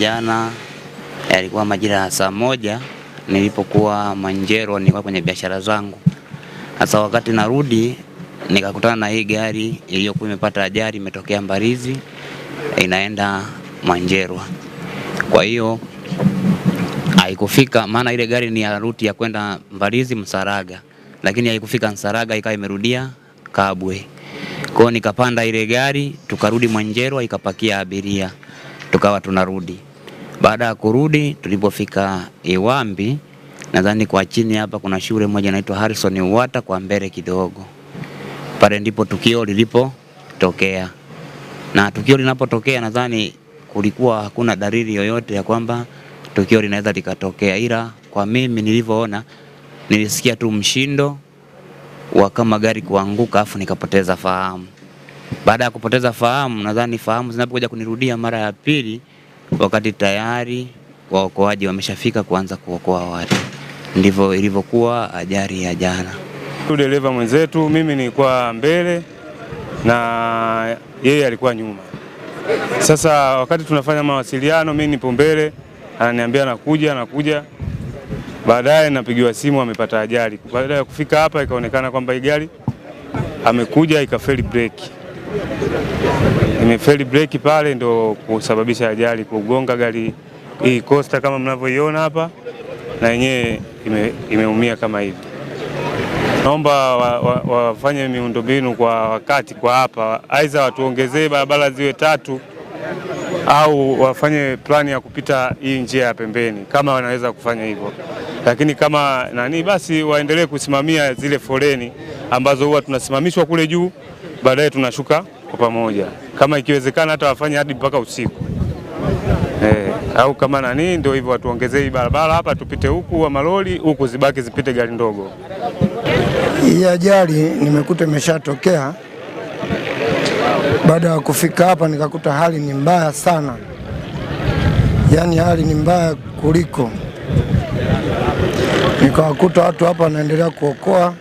jana yalikuwa majira ya saa moja nilipokuwa Manjero, nilikuwa kwenye biashara zangu. Sasa wakati narudi nikakutana na hii gari iliyokuwa imepata ajali, imetokea Mbarizi inaenda Manjerwa. Kwa hiyo haikufika, maana ile gari ni ya ruti ya kwenda Mbarizi Msaraga, lakini haikufika Msaraga, ikawa imerudia Kabwe. Kwa hiyo nikapanda ile gari tukarudi Manjerwa, ikapakia abiria, tukawa tunarudi baada ya kurudi, tulipofika Iwambi, nadhani kwa chini hapa kuna shule moja inaitwa Harrison Uwata, kwa mbele kidogo pale ndipo tukio lilipotokea. Na tukio linapotokea, nadhani kulikuwa hakuna dalili yoyote ya kwamba tukio linaweza likatokea, ila kwa mimi nilivyoona, nilisikia tu mshindo wa kama gari kuanguka, afu nikapoteza fahamu. Baada ya kupoteza fahamu, nadhani fahamu zinapokuja kunirudia mara ya pili, wakati tayari waokoaji wameshafika kuanza kuokoa watu. Ndivyo ilivyokuwa ajali ya jana. Tu dereva mwenzetu, mimi nilikuwa mbele na yeye alikuwa nyuma. Sasa wakati tunafanya mawasiliano, mimi nipo mbele, ananiambia nakuja, nakuja. Baadaye napigiwa simu, amepata ajali. Baada ya kufika hapa, ikaonekana kwamba gari amekuja, ikafeli breki imefeli breki pale, ndo kusababisha ajali kugonga gari hii Costa kama mnavyoiona hapa, na yenyewe imeumia ime kama hivi. Naomba wafanye wa, wa miundombinu kwa wakati kwa hapa, aidha watuongezee barabara ziwe tatu au wafanye plani ya kupita hii njia ya pembeni, kama wanaweza kufanya hivyo. Lakini kama nani, basi waendelee kusimamia zile foleni ambazo huwa tunasimamishwa kule juu, baadaye tunashuka kwa pamoja, kama ikiwezekana hata wafanye hadi mpaka usiku eh, au kama nani, ndio hivyo watuongezei barabara hapa, tupite huku wa maloli huku, zibaki zipite gari ndogo. Hii ajali nimekuta imeshatokea baada ya kufika hapa nikakuta hali ni mbaya sana, yaani hali ni mbaya kuliko, nikawakuta watu hapa wanaendelea kuokoa,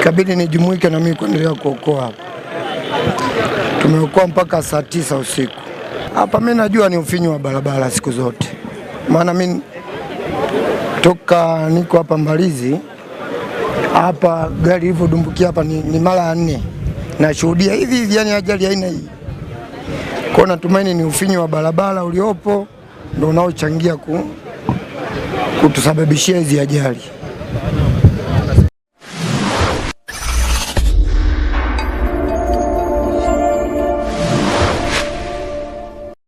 ikabidi nijumuike na mimi kuendelea kuokoa hapa. Tumekuwa mpaka saa tisa usiku hapa. Mimi najua ni ufinyu wa barabara siku zote, maana mimi toka niko hapa Mbalizi hapa gari ilivyodumbukia hapa ni, ni mara ya nne nashuhudia hivi hivi, yani ajali aina hii. Kwa natumaini ni ufinyu wa barabara uliopo ndio unaochangia ku, kutusababishia hizi ajali.